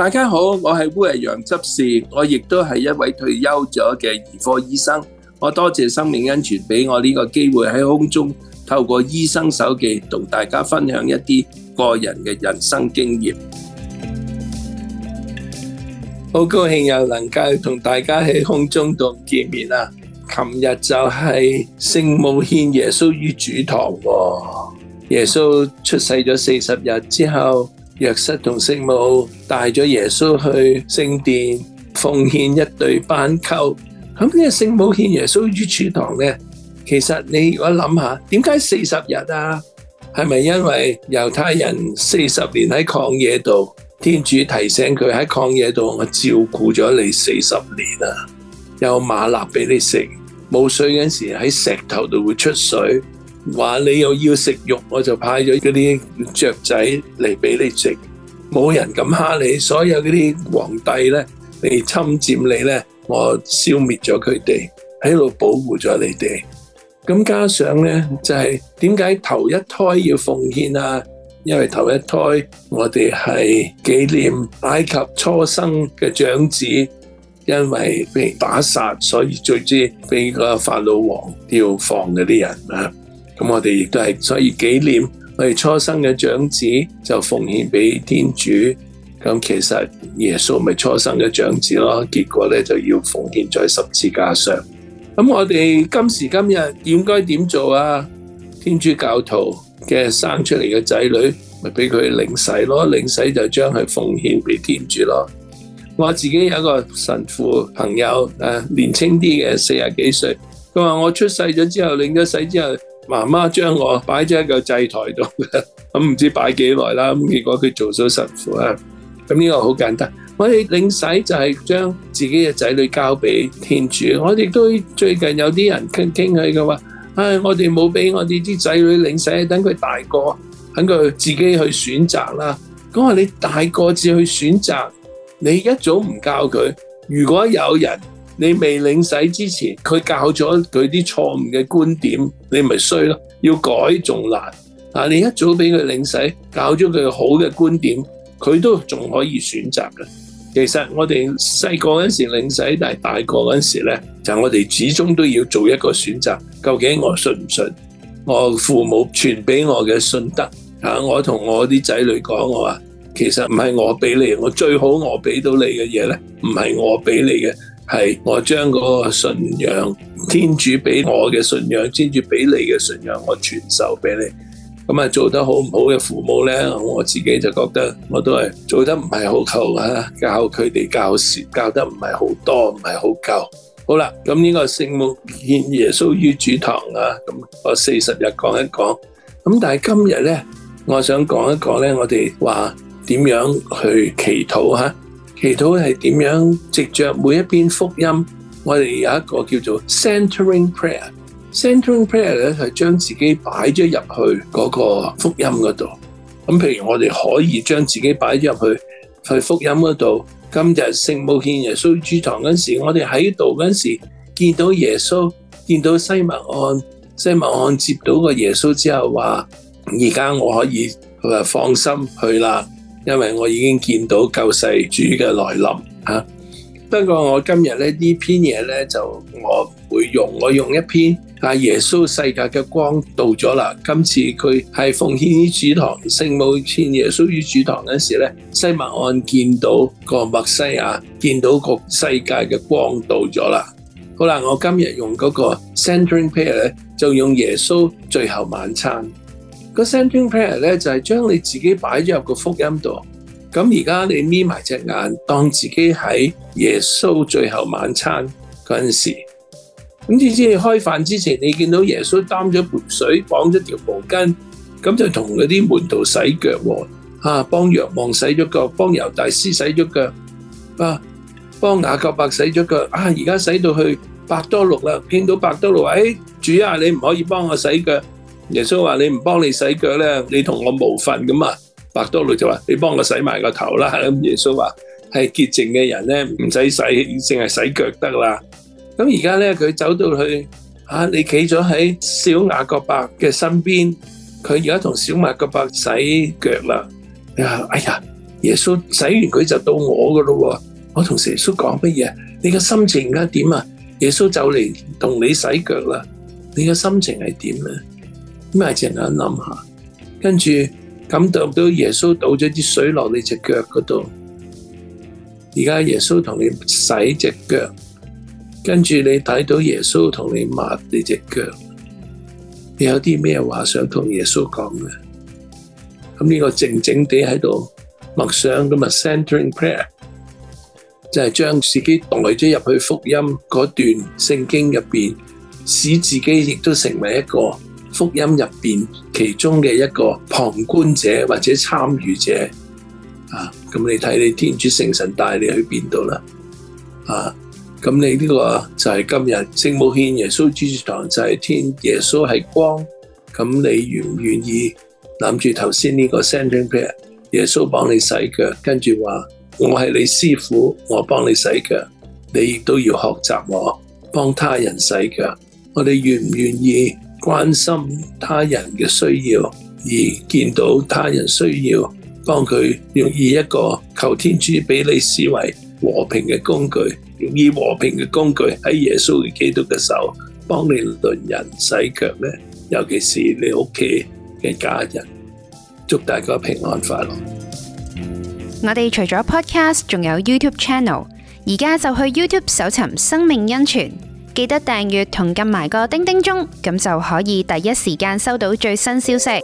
大家好，我係烏日陽執事，我亦都係一位退休咗嘅兒科醫生。我多謝生命恩泉俾我呢個機會喺空中透過醫生手記同大家分享一啲個人嘅人生經驗。好高興又能夠同大家喺空中度見面啊！琴日就係聖母獻耶穌於主堂，耶穌出世咗四十日之後。約瑟同聖母帶咗耶穌去聖殿奉獻一對斑鳩，咁呢個聖母獻耶穌於主堂咧，其實你如果諗下，點解四十日啊？係咪因為猶太人四十年喺曠野度，天主提醒佢喺曠野度，我照顧咗你四十年啊，有馬辣俾你食，冇水嗰陣時喺石頭度會出水。話你又要食肉，我就派咗嗰啲雀仔嚟俾你食，冇人敢蝦你。所有嗰啲皇帝呢，嚟侵佔你呢，我消滅咗佢哋，喺度保護咗你哋。咁加上呢，就係點解頭一胎要奉獻啊？因為頭一胎我哋係紀念埃及初生嘅長子，因為被打殺，所以最之俾個法老王吊放嗰啲人啊。咁我哋亦都係，所以紀念我哋初生嘅長子就奉獻俾天主。咁其實耶穌咪初生嘅長子咯，結果咧就要奉獻在十字架上。咁我哋今時今日應該點做啊？天主教徒嘅生出嚟嘅仔女，咪俾佢領洗咯，領洗就將佢奉獻俾天主咯。我自己有一個神父朋友，誒、啊，年青啲嘅四十幾歲，佢話我出世咗之後領咗洗之後。媽媽將我擺咗喺個祭台度嘅，咁唔知擺幾耐啦。咁結果佢做咗神父啊。咁、這、呢個好簡單。我哋領洗就係將自己嘅仔女交俾天主。我亦都最近有啲人傾傾佢嘅話，唉、哎，我哋冇俾我哋啲仔女領洗，等佢大個，等佢自己去選擇啦。咁話你大個至去選擇，你一早唔教佢，如果有人。你未領洗之前，佢教咗佢啲錯誤嘅觀點，你咪衰咯。要改仲難。嗱，你一早俾佢領洗，教咗佢好嘅觀點，佢都仲可以選擇嘅。其實我哋細個嗰時領洗，但係大個嗰時咧，就我哋始終都要做一個選擇。究竟我信唔信我父母傳俾我嘅信德？吓，我同我啲仔女講，我話其實唔係我俾你，我最好我俾到你嘅嘢咧，唔係我俾你嘅。係我將個信仰，天主俾我嘅信仰，天主俾你嘅信仰，我傳授俾你。咁啊，做得好唔好嘅父母呢？我自己就覺得我都係做得唔係好夠吓，教佢哋教事教得唔係好多，唔係好夠。好啦，咁呢個聖母獻耶穌於主堂啊，咁我四十日講一講。咁但係今日呢，我想講一講呢，我哋話點樣去祈禱吓。祈禱係點樣？藉着每一邊福音，我哋有一個叫做 centering prayer。centering prayer 咧係將自己擺咗入去嗰個福音嗰度。咁譬如我哋可以將自己擺咗入去去福音嗰度。今日聖母獻耶穌主堂嗰時候，我哋喺度嗰時見到耶穌，見到西默盎，西默盎接到個耶穌之後話：，而家我可以佢話放心去啦。因為我已經見到救世主嘅來臨吓、啊，不過我今日咧呢呢篇嘢呢，就我會用我用一篇啊耶穌世界嘅光到咗啦。今次佢係奉獻於主堂聖母獻耶穌於主堂嗰時候呢，西麥岸見到個默西亞，見到個世界嘅光到咗啦。好啦，我今日用嗰個 Centering Prayer 呢，就用耶穌最後晚餐。個 centring prayer 咧就係，是，將你自己擺咗入個福音度，咁而家你眯埋隻眼，當自己喺耶穌最後晚餐嗰陣時候，咁意知，你開飯之前，你見到耶穌擔咗盆水，綁咗條毛巾，咁就同嗰啲門徒洗腳喎，啊，幫約望洗咗腳，幫猶大師洗咗腳，啊，幫雅各伯洗咗腳，腳，啊，而家洗、啊、洗到去伯多祿啦，見到伯多祿話：誒、哎、主啊，你唔可以幫我洗腳。耶穌話：你唔幫你洗腳咧，你同我無份咁啊！伯多祿就話：你幫我洗埋個頭啦。咁耶穌話：係潔淨嘅人咧，唔使洗，淨係洗腳得啦。咁而家咧，佢走到去，吓你企咗喺小雅各伯嘅身邊，佢而家同小雅各伯洗腳啦。呀，哎呀，耶穌洗完佢就到我噶咯，我同耶穌講乜嘢？你嘅心情而家點啊？耶穌走嚟同你洗腳啦，你嘅心情係點咧？咁啊，靜下諗下，跟住感到到耶穌倒咗啲水落你隻腳嗰度。而家耶穌同你洗隻腳，跟住你睇到耶穌同你抹你隻腳，你有啲咩話想同耶穌講嘅？咁呢個靜靜地喺度默想，咁啊 Centering Prayer 就係將自己代咗入去福音嗰段聖經入面，使自己亦都成為一個。福音入邊其中的一個旁觀者或者參與者啊，咁你睇你天主聖神帶你去邊度啦？啊，咁你呢個就係今日聖母獻耶穌主堂就係天耶穌係光，咁你願唔願意諗住頭先呢個 centering prayer 耶穌幫你洗腳，跟住話我係你師傅，我幫你洗腳，你亦都要學習我幫他人洗腳。我哋願唔願意？關心他人嘅需要，而見到他人需要，幫佢用以一個求天主俾你視為和平嘅工具，用以和平嘅工具喺耶穌基督嘅手，幫你論人洗腳咧，尤其是你屋企嘅家人。祝大家平安快樂！我哋除咗 Podcast，仲有 YouTube Channel，而家就去 YouTube 搜尋《生命恩泉》。記得訂閱同撳埋個叮叮鐘，咁就可以第一時間收到最新消息。